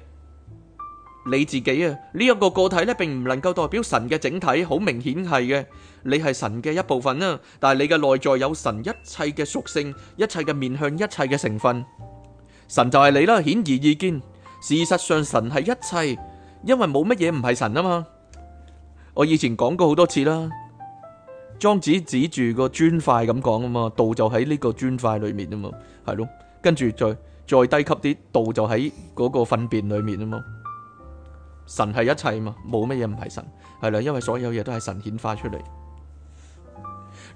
你自己啊呢一個個體呢，並唔能夠代表神嘅整體。好明顯係嘅，你係神嘅一部分啦。但係你嘅內在有神一切嘅屬性，一切嘅面向，一切嘅成分。神就係你啦，顯而易見。事實上，神係一切，因為冇乜嘢唔係神啊嘛。我以前講過好多次啦。莊子指住個磚塊咁講啊嘛，道就喺呢個磚塊裏面啊嘛，係咯。跟住再再低級啲，道就喺嗰個糞便裏面啊嘛。神係一切嘛，冇乜嘢唔係神係啦，因為所有嘢都係神顯化出嚟。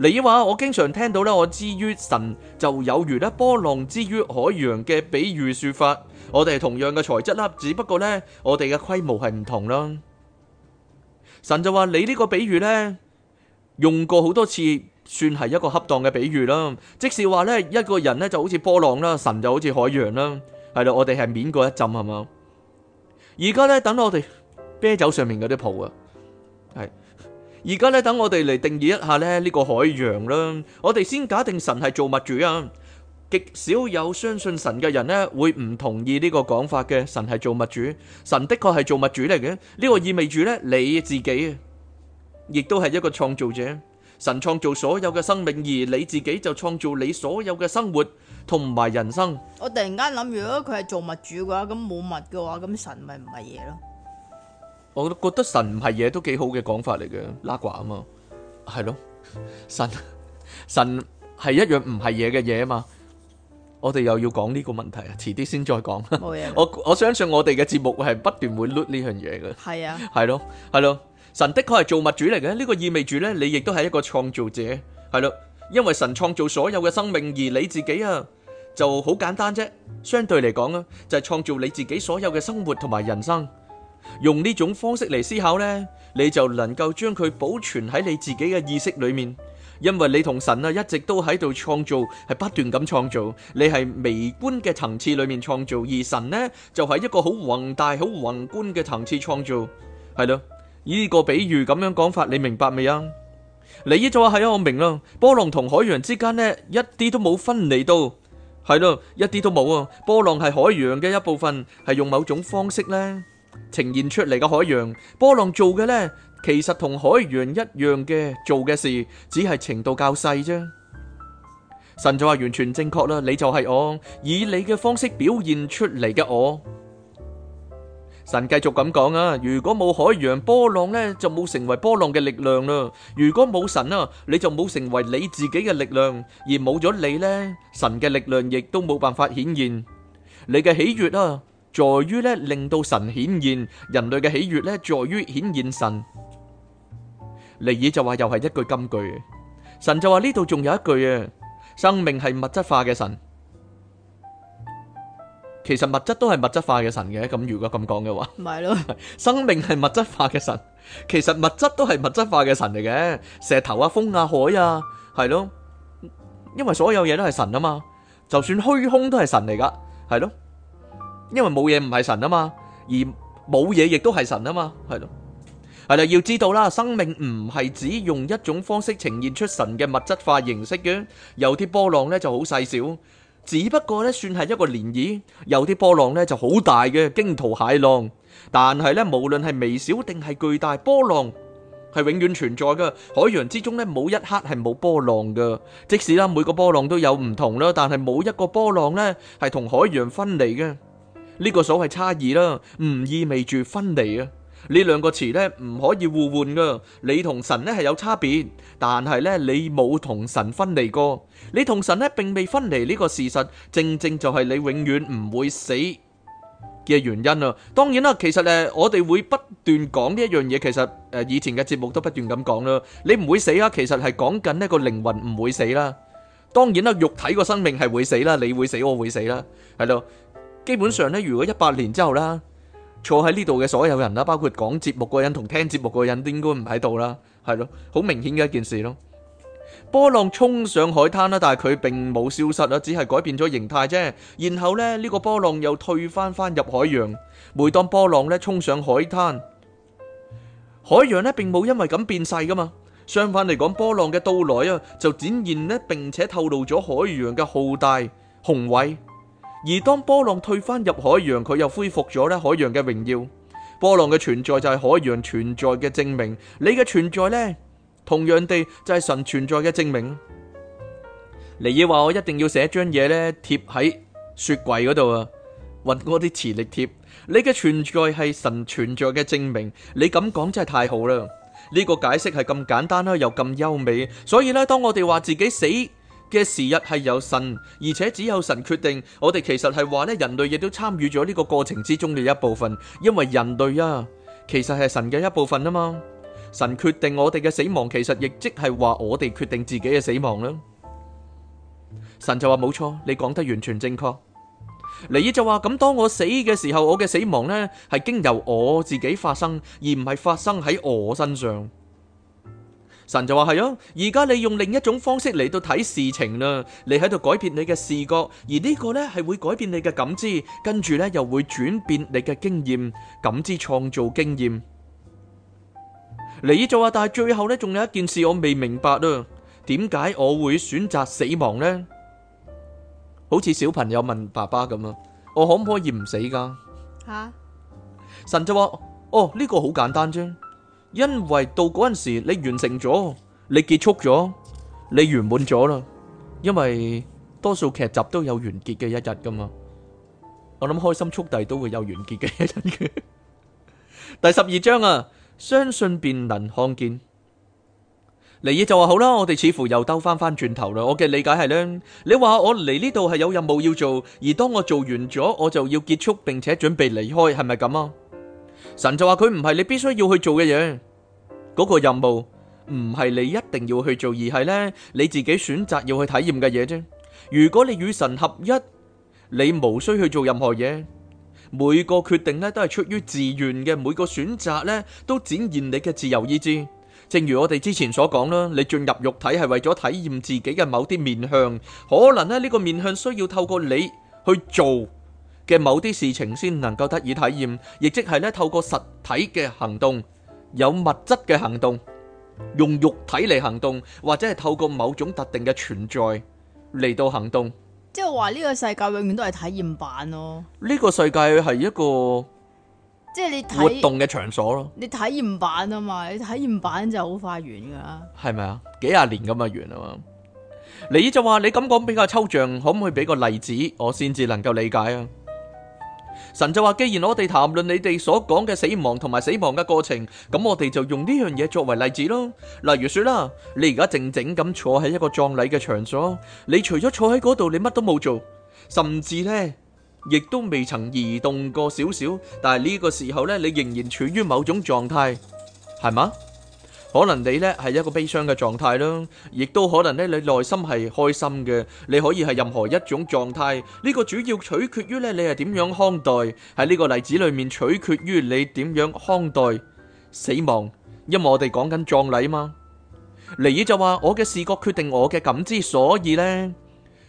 你話我經常聽到咧，我之於神就有如咧波浪之於海洋嘅比喻說法。我哋同樣嘅材質啦，只不過呢，我哋嘅規模係唔同啦。神就話你呢個比喻呢，用過好多次，算係一個恰當嘅比喻啦。即使話呢，一個人呢就好似波浪啦，神就好似海洋啦，係啦，我哋係免過一浸係嘛。而家呢，等我哋啤酒上面嗰啲泡啊，係而家呢，等我哋嚟定義一下咧、呢、呢個海洋啦，我哋先假定神係造物主啊。極少有相信神嘅人咧，會唔同意呢個講法嘅。神係造物主，神的確係造物主嚟嘅。呢個意味住呢，你自己啊，亦都係一個創造者。神創造所有嘅生命，而你自己就創造你所有嘅生活同埋人生。我突然間諗住，如果佢係造物主嘅話，咁冇物嘅話，咁神咪唔係嘢咯？我都覺得神唔係嘢都幾好嘅講法嚟嘅，拉呱啊嘛，係咯，神神係一樣唔係嘢嘅嘢啊嘛。我哋又要講呢個問題啊，遲啲先再講。我我相信我哋嘅節目係不斷會 loop 呢樣嘢嘅。係啊，係咯，係咯。神的確係造物主嚟嘅，呢個意味住咧，你亦都係一個創造者，係咯。因為神創造所有嘅生命，而你自己啊，就好簡單啫。相對嚟講啊，就係創造你自己所有嘅生活同埋人生。用呢種方式嚟思考咧，你就能夠將佢保存喺你自己嘅意識裏面。因為你同神啊，一直都喺度創造，係不斷咁創造。你係微觀嘅層次裏面創造，而神呢就係一個好宏大、好宏觀嘅層次創造，係咯。呢個比喻咁樣講法，你明白未啊？你呢句話係啊，我明啦。波浪同海洋之間呢，一啲都冇分離到，係咯，一啲都冇啊。波浪係海洋嘅一部分，係用某種方式呢呈現出嚟嘅海洋。波浪做嘅呢，其實同海洋一樣嘅做嘅事，只係程度較細啫。神就話完全正確啦，你就係我，以你嘅方式表現出嚟嘅我。神繼續咁講啊，如果冇海洋，波浪呢就冇成為波浪嘅力量啦。如果冇神啊，你就冇成為你自己嘅力量，而冇咗你呢，神嘅力量亦都冇辦法顯現，你嘅喜悦啊！在於咧令到神顯現，人類嘅喜悅咧在於顯現神。尼爾就話又係一句金句，神就話呢度仲有一句啊，生命係物質化嘅神。其實物質都係物質化嘅神嘅，咁如果咁講嘅話，咪咯，生命係物質化嘅神，其實物質都係物質化嘅神嚟嘅，石頭啊、風啊、海啊，係咯，因為所有嘢都係神啊嘛，就算虛空都係神嚟噶，係咯。因為冇嘢唔係神啊嘛，而冇嘢亦都係神啊嘛，係咯，係啦，要知道啦，生命唔係只用一種方式呈現出神嘅物質化形式嘅。有啲波浪咧就好細小，只不過咧算係一個漣漪；有啲波浪咧就好大嘅驚濤駭浪。但係咧，無論係微小定係巨大波浪，係永遠存在嘅海洋之中咧，冇一刻係冇波浪嘅。即使啦每個波浪都有唔同啦，但係冇一個波浪咧係同海洋分離嘅。呢個所謂差異啦，唔意味住分離啊！呢兩個詞呢，唔可以互換噶。你同神呢係有差別，但係呢，你冇同神分離過。你同神呢並未分離呢個事實，正正就係你永遠唔會死嘅原因啊。當然啦，其實誒，我哋會不斷講呢一樣嘢。其實誒，以前嘅節目都不斷咁講啦。你唔會死啊？其實係講緊呢個靈魂唔會死啦。當然啦，肉體個生命係會死啦。你會死，我會死啦，係咯。基本上咧，如果一百年之後啦，坐喺呢度嘅所有人啦，包括講節目嘅人同聽節目嘅人都應該唔喺度啦，係咯，好明顯嘅一件事咯。波浪衝上海灘啦，但係佢並冇消失啦，只係改變咗形態啫。然後呢，呢個波浪又退翻翻入海洋。每當波浪呢衝上海灘，海洋呢並冇因為咁變細噶嘛。相反嚟講，波浪嘅到來啊，就展現呢，並且透露咗海洋嘅浩大雄偉。而當波浪退翻入海洋，佢又恢復咗咧海洋嘅榮耀。波浪嘅存在就係海洋存在嘅證明。你嘅存在呢，同樣地就係神存在嘅證明。尼爾話我一定要寫張嘢呢，貼喺雪櫃嗰度啊，揾嗰啲磁力貼。你嘅存在係神存在嘅證明。你咁講真係太好啦，呢個解釋係咁簡單啦，又咁優美。所以呢，當我哋話自己死嘅時日係由神，而且只有神決定。我哋其實係話咧，人類亦都參與咗呢個過程之中嘅一部分，因為人類啊，其實係神嘅一部分啊嘛。神決定我哋嘅死亡，其實亦即係話我哋決定自己嘅死亡啦。神就話冇錯，你講得完全正確。尼爾就話咁，當我死嘅時候，我嘅死亡呢，係經由我自己發生，而唔係發生喺我身上。神就話係啊，而家你用另一種方式嚟到睇事情啦，你喺度改變你嘅視覺，而呢個呢係會改變你嘅感知，跟住呢又會轉變你嘅經驗，感知創造經驗。你就話，但係最後呢仲有一件事我未明白啊，點解我會選擇死亡呢？好似小朋友問爸爸咁啊，我可唔可以唔死噶？吓，神就話，哦呢個好簡單啫。因為到嗰陣時，你完成咗，你結束咗，你圓滿咗啦。因為多數劇集都有完結嘅一日噶嘛，我諗開心速遞都會有完結嘅一日嘅。 第十二章啊，相信便能看見。尼爾就話好啦，我哋似乎又兜翻翻轉頭啦。我嘅理解係呢：你話我嚟呢度係有任務要做，而當我做完咗，我就要結束，並且準備離開，係咪咁啊？神就話佢唔係你必須要去做嘅嘢，嗰個任務唔係你一定要去做，而係咧你自己選擇要去體驗嘅嘢啫。如果你與神合一，你無需去做任何嘢。每個決定咧都係出於自願嘅，每個選擇咧都展現你嘅自由意志。正如我哋之前所講啦，你進入肉體係為咗體驗自己嘅某啲面向，可能咧呢個面向需要透過你去做。嘅某啲事情先能夠得以體驗，亦即係咧透過實體嘅行動，有物質嘅行動，用肉體嚟行動，或者係透過某種特定嘅存在嚟到行動。即係話呢個世界永遠都係體驗版咯。呢個世界係一個即係你活動嘅場所咯你。你體驗版啊嘛，你體驗版就好快完噶，係咪啊？幾廿年咁啊完啊嘛。你就話你咁講比較抽象，可唔可以俾個例子，我先至能夠理解啊？神就話，既然我哋談論你哋所講嘅死亡同埋死亡嘅過程，咁我哋就用呢樣嘢作為例子咯。例如說啦，你而家靜靜咁坐喺一個葬禮嘅場所，你除咗坐喺嗰度，你乜都冇做，甚至呢，亦都未曾移動過少少，但係呢個時候呢，你仍然處於某種狀態，係嘛？可能你呢係一個悲傷嘅狀態啦，亦都可能咧你內心係開心嘅，你可以係任何一種狀態。呢個主要取決於咧你係點樣看待喺呢個例子裏面，取決於你點樣看待死亡，因為我哋講緊葬禮嘛。尼爾就話，我嘅視覺決定我嘅感知，所以呢，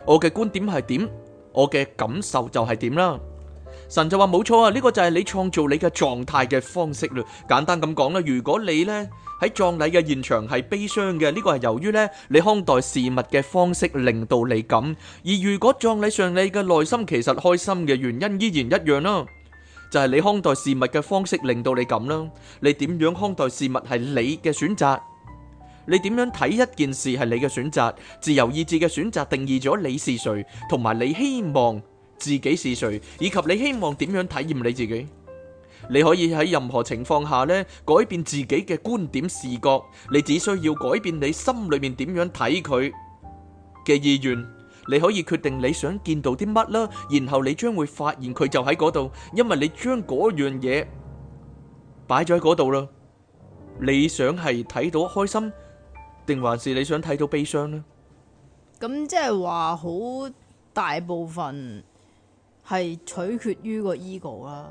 我嘅觀點係點，我嘅感受就係點啦。神就話冇錯啊，呢個就係你創造你嘅狀態嘅方式啦。簡單咁講啦，如果你呢喺葬禮嘅現場係悲傷嘅，呢個係由於呢你看待事物嘅方式令到你咁；而如果葬禮上你嘅內心其實開心嘅原因依然一樣啦，就係你看待事物嘅方式令到你咁啦。你點樣看待事物係你嘅選擇，你點樣睇一件事係你嘅選擇，自由意志嘅選擇定義咗你是誰同埋你希望自己是誰，以及你希望點樣體驗你自己？你可以喺任何情況下呢改變自己嘅觀點視覺，你只需要改變你心裏面點樣睇佢嘅意願。你可以決定你想見到啲乜啦，然後你將會發現佢就喺嗰度，因為你將嗰樣嘢擺咗喺嗰度啦。你想係睇到開心，定還是你想睇到悲傷呢？咁即係話好大部分。係取決於個 ego 啦，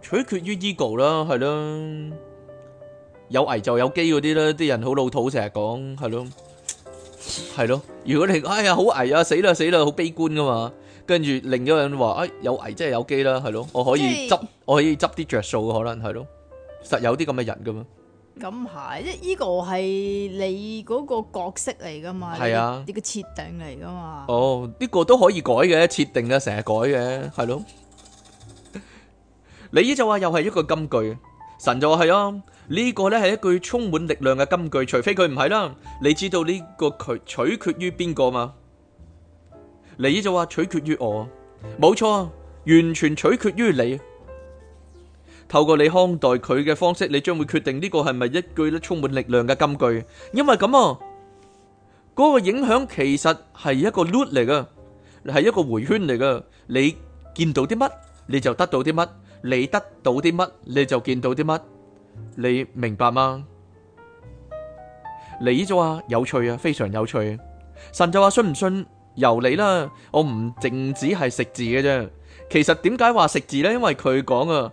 取決於 ego 啦，啊，係咯，啊，有危就有機嗰啲啦，啲人好老土，成日講係咯，係咯。如果你哎呀，好危啊，死啦死啦，好悲觀噶嘛。跟住另一個人話：哎，有危即係有機啦，係咯，我可以執，即係我可以執啲着數，可能係咯，實有啲咁嘅人噶嘛。咁係，即係呢個係你嗰個角色嚟噶嘛？係啊，呢個設定嚟噶嘛？哦，呢、這個都可以改嘅，設定啊，成日改嘅，係咯。 你呢就話又係一個金句，神就話係咯，呢、這個咧係一句充滿力量嘅金句，除非佢唔係啦。你知道呢個佢取決於邊個嘛？你呢就話取決於我，冇錯，完全取決於你。透過你看待佢嘅方式，你將會決定呢個係咪一句都充滿力量嘅金句。因為咁啊，嗰個影響其實係一個 loop 嚟噶，係一個回圈嚟噶。你見到啲乜，你就得到啲乜；你得到啲乜，你就見到啲乜。你明白嗎？你就話有趣啊，非常有趣。神就話信唔信由你啦。我唔淨止係食字嘅啫。其實點解話食字呢？因為佢講啊。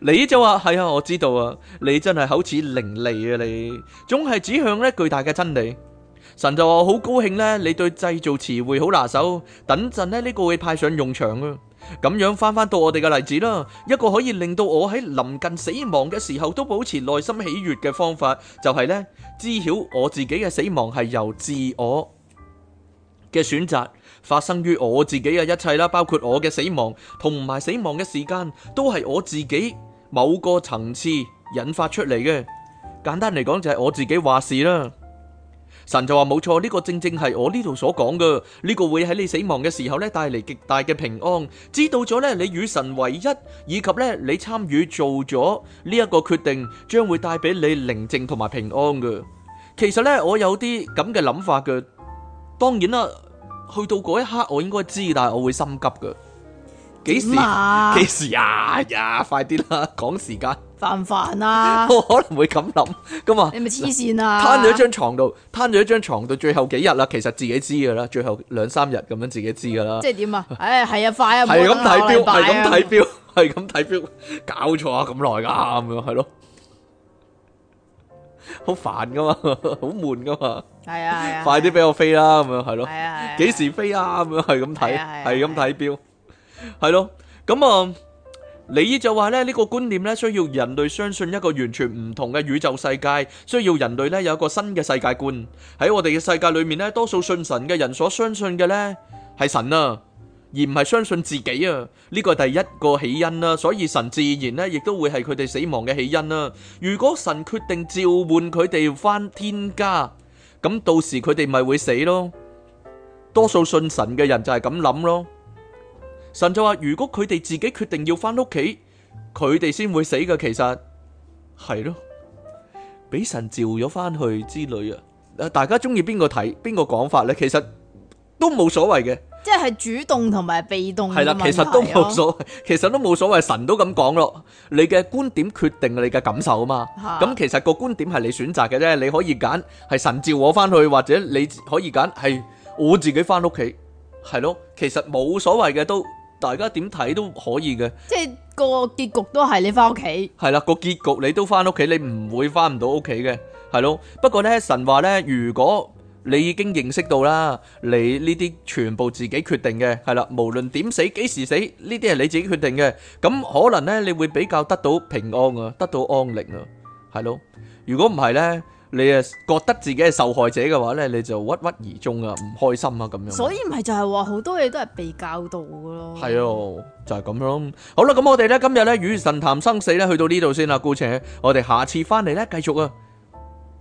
你就話係啊，我知道啊，你真係口齒伶俐啊，你總係指向呢巨大嘅真理。神就話好高興呢，你對製造詞彙好拿手，等陣呢，呢個會派上用場啊。咁樣翻翻到我哋嘅例子啦，一個可以令到我喺臨近死亡嘅時候都保持內心喜悅嘅方法，就係呢：「知曉我自己嘅死亡係由自我嘅選擇。發生於我自己嘅一切啦，包括我嘅死亡同埋死亡嘅時間，都係我自己某個層次引發出嚟嘅。簡單嚟講就係我自己話事啦。神就話冇錯，呢個正正係我呢度所講嘅，呢個會喺你死亡嘅時候咧帶嚟極大嘅平安。知道咗咧，你與神為一，以及咧你參與做咗呢一個決定，將會帶俾你寧靜同埋平安嘅。其實呢，我有啲咁嘅諗法嘅，當然啦。去到嗰一刻，我應該知，但係我會心急噶。幾時？幾、啊、時呀、啊、呀！Yeah, 快啲啦，講時間。煩唔煩啊？ 我可能會咁諗噶嘛。你咪黐線啊！攤咗一張床度，攤咗一張床，床到最後幾日啦。其實自己知噶啦，最後兩三日咁樣自己知噶啦。即係點啊？誒、哎，係啊，快啊，係咁睇錶，係咁睇錶，係咁睇錶，搞錯啊！咁耐噶，咁樣係咯。好煩噶嘛，好悶噶嘛，係啊，係啊，快啲俾我飛啦咁樣係咯，係啊，幾時飛啊咁樣係咁睇，係咁睇表，係咯，咁啊，你就話咧，呢個觀念咧需要人類相信一個完全唔同嘅宇宙世界，需要人類咧有一個新嘅世界觀。喺我哋嘅世界裏面咧，多數信神嘅人所相信嘅咧係神啊。而唔係相信自己啊，呢個第一個起因啦、啊，所以神自然呢，亦都會係佢哋死亡嘅起因啦、啊。如果神決定召喚佢哋翻天家，咁到時佢哋咪會死咯。多數信神嘅人就係咁諗咯。神就話：如果佢哋自己決定要翻屋企，佢哋先會死嘅。其實係咯，俾神召咗翻去之類啊。大家中意邊個睇邊個講法呢？其實都冇所謂嘅。即係主動同埋被動嘅問題，係啦，其實都冇所謂，其實都冇所謂，神都咁講咯。你嘅觀點決定你嘅感受啊嘛。咁的其實個觀點係你選擇嘅啫，你可以揀係神召我翻去，或者你可以揀係我自己翻屋企，係咯。其實冇所謂嘅，都大家點睇都可以嘅。即係個結局都係你翻屋企。係啦，個結局你都翻屋企，你唔會翻唔到屋企嘅，係咯。不過咧，神話咧，如果你已經認識到啦，你呢啲全部自己決定嘅，係啦，無論點死幾時死，呢啲係你自己決定嘅，咁可能咧你會比較得到平安啊，得到安寧啊，係咯。如果唔係咧，你係覺得自己係受害者嘅話咧，你就鬱鬱而終啊，唔開心啊咁樣。所以唔係就係話好多嘢都係被教導嘅咯。係啊，就係咁樣。好啦，咁我哋咧今日咧與神談生死咧去到呢度先啦，姑且我哋下次翻嚟咧繼續啊。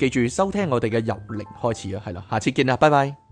記住收聽我哋嘅由零開始啊，係啦，下次見啦，拜拜。